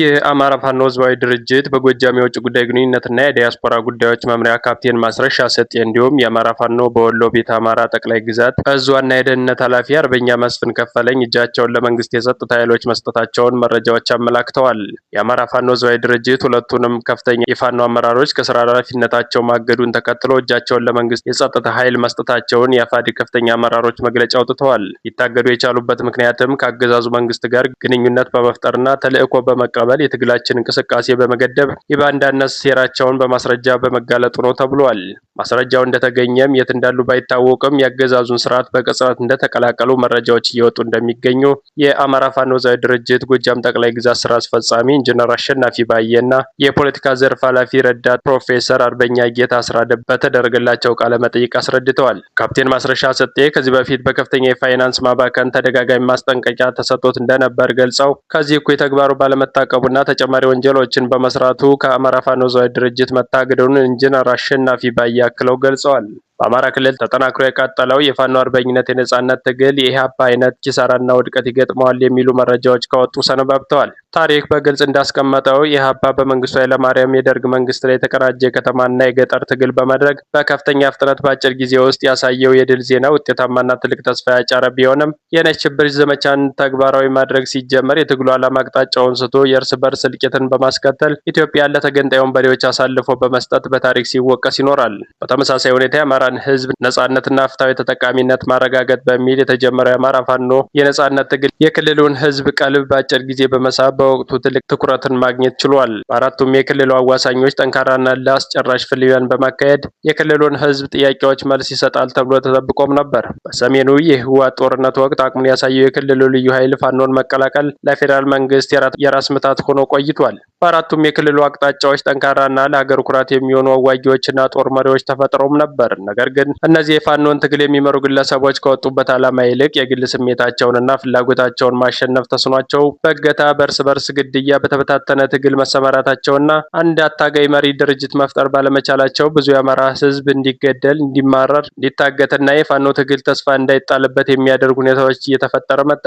የአማራ ፋኖ ህዝባዊ ድርጅት በጎጃም የውጭ ጉዳይ ግንኙነትና የዲያስፖራ ጉዳዮች መምሪያ ካፕቴን ማስረሻ ሰጤ እንዲሁም የአማራ ፋኖ በወሎ ቤት አማራ ጠቅላይ ግዛት እዝ ዋና የደህንነት ኃላፊ አርበኛ መስፍን ከፈለኝ እጃቸውን ለመንግስት የጸጥታ ኃይሎች መስጠታቸውን መረጃዎች አመላክተዋል። የአማራ ፋኖ ህዝባዊ ድርጅት ሁለቱንም ከፍተኛ የፋኖ አመራሮች ከስራ ኃላፊነታቸው ማገዱን ተከትሎ እጃቸውን ለመንግስት የጸጥታ ኃይል መስጠታቸውን የአፋድ ከፍተኛ አመራሮች መግለጫ አውጥተዋል። ሊታገዱ የቻሉበት ምክንያትም ከአገዛዙ መንግስት ጋር ግንኙነት በመፍጠርና ተልዕኮ በመቀ በመቀበል የትግላችን እንቅስቃሴ በመገደብ የባንዳነት ሴራቸውን በማስረጃ በመጋለጡ ነው ተብሏል። ማስረጃው እንደተገኘም የት እንዳሉ ባይታወቅም የአገዛዙን ስርዓት በቅጽበት እንደተቀላቀሉ መረጃዎች እየወጡ እንደሚገኙ የአማራ ፋኖ ዘ ድርጅት ጎጃም ጠቅላይ ግዛት ስራ አስፈጻሚ ኢንጂነር አሸናፊ ባየ እና የፖለቲካ ዘርፍ ኃላፊ ረዳት ፕሮፌሰር አርበኛ ጌታ አስራደ በተደረገላቸው ቃለ መጠይቅ አስረድተዋል። ካፕቴን ማስረሻ ሰጤ ከዚህ በፊት በከፍተኛ የፋይናንስ ማባከን ተደጋጋሚ ማስጠንቀቂያ ተሰጥቶት እንደነበር ገልጸው ከዚህ እኩይ ተግባሩ ባለመታቀ በማቀቡ ተጨማሪ ወንጀሎችን በመስራቱ ከአማራ ፋኖ ድርጅት መታገዱን ኢንጂነር አሸናፊ ባያክለው ገልጸዋል። በአማራ ክልል ተጠናክሮ የቀጠለው የፋኖ አርበኝነት የነጻነት ትግል የኢህአፓ አይነት ኪሳራና ውድቀት ይገጥመዋል የሚሉ መረጃዎች ከወጡ ሰነባብተዋል። ታሪክ በግልጽ እንዳስቀመጠው የሀባ በመንግስቱ ኃይለማርያም የደርግ መንግስት ላይ የተቀናጀ የከተማና የገጠር ትግል በማድረግ በከፍተኛ ፍጥነት በአጭር ጊዜ ውስጥ ያሳየው የድል ዜና ውጤታማና ትልቅ ተስፋ ያጫረ ቢሆንም የነጭ ሽብር ዘመቻን ተግባራዊ ማድረግ ሲጀመር የትግሉ ዓላማ አቅጣጫውን ስቶ የእርስ በርስ እልቂትን በማስከተል ኢትዮጵያ ለተገንጣይ ወንበዴዎች አሳልፎ በመስጠት በታሪክ ሲወቀስ ይኖራል። በተመሳሳይ ሁኔታ የአማራ የአማራን ህዝብ ነጻነትና ፍትሐዊ ተጠቃሚነት ማረጋገጥ በሚል የተጀመረው የአማራ ፋኖ የነጻነት ትግል የክልሉን ህዝብ ቀልብ በአጭር ጊዜ በመሳብ በወቅቱ ትልቅ ትኩረትን ማግኘት ችሏል። በአራቱም የክልሉ አዋሳኞች ጠንካራና ለአስጨራሽ ፍልሚያን በማካሄድ የክልሉን ህዝብ ጥያቄዎች መልስ ይሰጣል ተብሎ ተጠብቆም ነበር። በሰሜኑ የህወሓት ጦርነት ወቅት አቅሙን ያሳየው የክልሉ ልዩ ኃይል ፋኖን መቀላቀል ለፌዴራል መንግስት የራስ ምታት ሆኖ ቆይቷል። በአራቱም የክልሉ አቅጣጫዎች ጠንካራና ለሀገር ኩራት የሚሆኑ አዋጊዎችና ጦር መሪዎች ተፈጥረውም ነበር። ነገር ነገር ግን እነዚህ የፋኖን ትግል የሚመሩ ግለሰቦች ከወጡበት ዓላማ ይልቅ የግል ስሜታቸውንና ፍላጎታቸውን ማሸነፍ ተስኗቸው በእገታ፣ በእርስ በርስ ግድያ፣ በተበታተነ ትግል መሰማራታቸውና አንድ አታጋይ መሪ ድርጅት መፍጠር ባለመቻላቸው ብዙ የአማራ ህዝብ እንዲገደል፣ እንዲማረር፣ እንዲታገትና የፋኖ ትግል ተስፋ እንዳይጣልበት የሚያደርግ ሁኔታዎች እየተፈጠረ መጣ።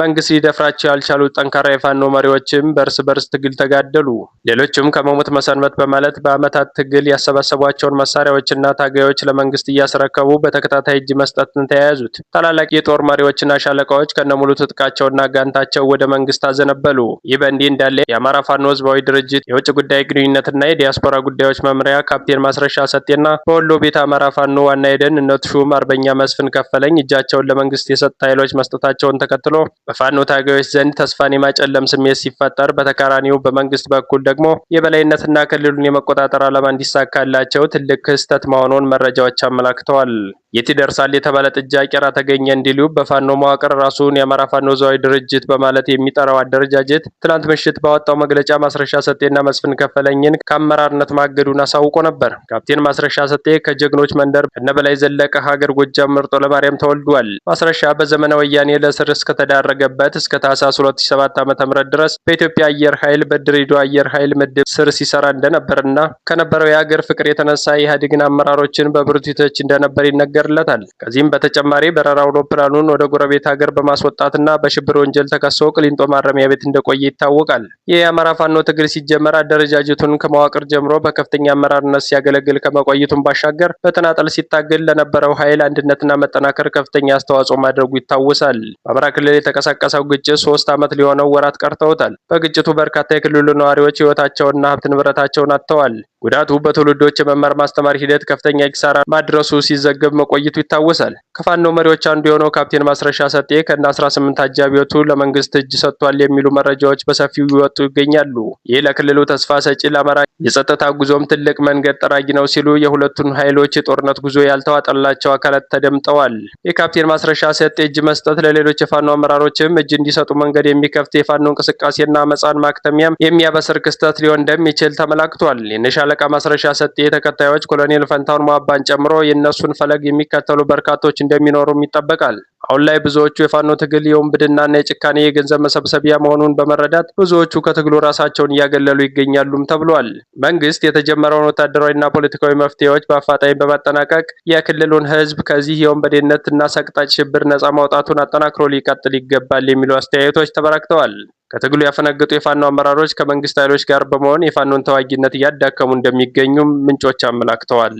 መንግስት ሊደፍራቸው ያልቻሉት ጠንካራ የፋኖ መሪዎችም በእርስ በርስ ትግል ተጋደሉ። ሌሎችም ከመሞት መሰንበት በማለት በዓመታት ትግል ያሰባሰቧቸውን መሳሪያዎችና ታጋዮች ለመንግስት እያስረከቡ በተከታታይ እጅ መስጠትን ተያያዙት። ታላላቅ የጦር መሪዎችና ሻለቃዎች ከነሙሉ ትጥቃቸውና ጋንታቸው ወደ መንግስት አዘነበሉ። ይህ በእንዲህ እንዳለ የአማራ ፋኖ ህዝባዊ ድርጅት የውጭ ጉዳይ ግንኙነትና የዲያስፖራ ጉዳዮች መምሪያ ካፕቴን ማስረሻ ሰጤና በወሎ ቤት አማራ ፋኖ ዋና ሄደን ሹም አርበኛ መስፍን ከፈለኝ እጃቸውን ለመንግስት የሰጥ ኃይሎች መስጠታቸውን ተከትሎ በፋኖ ታጋዮች ዘንድ ተስፋን የማጨለም ስሜት ሲፈጠር፣ በተቃራኒው በመንግስት በኩል ደግሞ የበላይነትና ክልሉን የመቆጣጠር ዓላማ እንዲሳካላቸው ትልቅ ክስተት መሆኑን መረጃዎች አመላክተዋል። የት ይደርሳል የተባለ ጥጃ ቄራ ተገኘ እንዲሉ በፋኖ መዋቅር ራሱን የአማራ ፋኖ ዘዋዊ ድርጅት በማለት የሚጠራው አደረጃጀት ትናንት ምሽት ባወጣው መግለጫ ማስረሻ ሰጤና መስፍን ከፈለኝን ከአመራርነት ማገዱን አሳውቆ ነበር። ካፕቴን ማስረሻ ሰጤ ከጀግኖች መንደር በላይ ዘለቀ ሀገር ጎጃም ምርጦ ለማርያም ተወልዷል። ማስረሻ በዘመነ ወያኔ ለእስር እስከተዳረገበት እስከ ታህሳስ 2007 ዓ.ም ድረስ በኢትዮጵያ አየር ኃይል በድሬዳዋ አየር ኃይል ምድብ ስር ሲሰራ እንደነበርና ከነበረው የሀገር ፍቅር የተነሳ የኢህአዴግን አመራሮችን በብርቱ ይተች እንደነበር ይነገራል። ይነገርለታል። ከዚህም በተጨማሪ በረራ አውሮፕላኑን ወደ ጎረቤት ሀገር በማስወጣትና በሽብር ወንጀል ተከሶ ቅሊንጦ ማረሚያ ቤት እንደቆየ ይታወቃል። ይህ የአማራ ፋኖ ትግል ሲጀመር አደረጃጀቱን ከመዋቅር ጀምሮ በከፍተኛ አመራርነት ሲያገለግል ከመቆየቱን ባሻገር በተናጠል ሲታገል ለነበረው ኃይል አንድነትና መጠናከር ከፍተኛ አስተዋጽኦ ማድረጉ ይታወሳል። በአማራ ክልል የተቀሳቀሰው ግጭት ሶስት ዓመት ሊሆነው ወራት ቀርተውታል። በግጭቱ በርካታ የክልሉ ነዋሪዎች ህይወታቸውንና ሀብት ንብረታቸውን አጥተዋል። ጉዳቱ በትውልዶች የመማር ማስተማር ሂደት ከፍተኛ ኪሳራ ማድረሱ ሲዘገብ መቆይቱ ይታወሳል። ከፋኖ መሪዎች አንዱ የሆነው ካፕቴን ማስረሻ ሰጤ ከነ 18 አጃቢዎቹ ለመንግስት እጅ ሰጥቷል የሚሉ መረጃዎች በሰፊው ይወጡ ይገኛሉ። ይህ ለክልሉ ተስፋ ሰጪ፣ ለአማራ የጸጥታ ጉዞም ትልቅ መንገድ ጠራጊ ነው ሲሉ የሁለቱን ኃይሎች የጦርነት ጉዞ ያልተዋጠላቸው አካላት ተደምጠዋል። የካፕቴን ማስረሻ ሰጤ እጅ መስጠት ለሌሎች የፋኖ አመራሮችም እጅ እንዲሰጡ መንገድ የሚከፍት የፋኖ እንቅስቃሴና መጻን ማክተሚያም የሚያበስር ክስተት ሊሆን እንደሚችል ተመላክቷል። የሻለቃ ማስረሻ ሰጤ ተከታዮች ኮሎኔል ፈንታውን ሟባን ጨምሮ የእነሱን ፈለግ የሚከተሉ በርካቶች እንደሚኖሩም ይጠበቃል። አሁን ላይ ብዙዎቹ የፋኖ ትግል የወንብድናና የጭካኔ የገንዘብ መሰብሰቢያ መሆኑን በመረዳት ብዙዎቹ ከትግሉ ራሳቸውን እያገለሉ ይገኛሉም ተብሏል። መንግስት የተጀመረውን ወታደራዊና ፖለቲካዊ መፍትሄዎች በአፋጣኝ በማጠናቀቅ የክልሉን ህዝብ ከዚህ የወንበዴነትና ሰቅጣጭ ሽብር ነጻ ማውጣቱን አጠናክሮ ሊቀጥል ይገባል የሚሉ አስተያየቶች ተበራክተዋል። ከትግሉ ያፈነገጡ የፋኖ አመራሮች ከመንግስት ኃይሎች ጋር በመሆን የፋኖን ተዋጊነት እያዳከሙ እንደሚገኙም ምንጮች አመላክተዋል።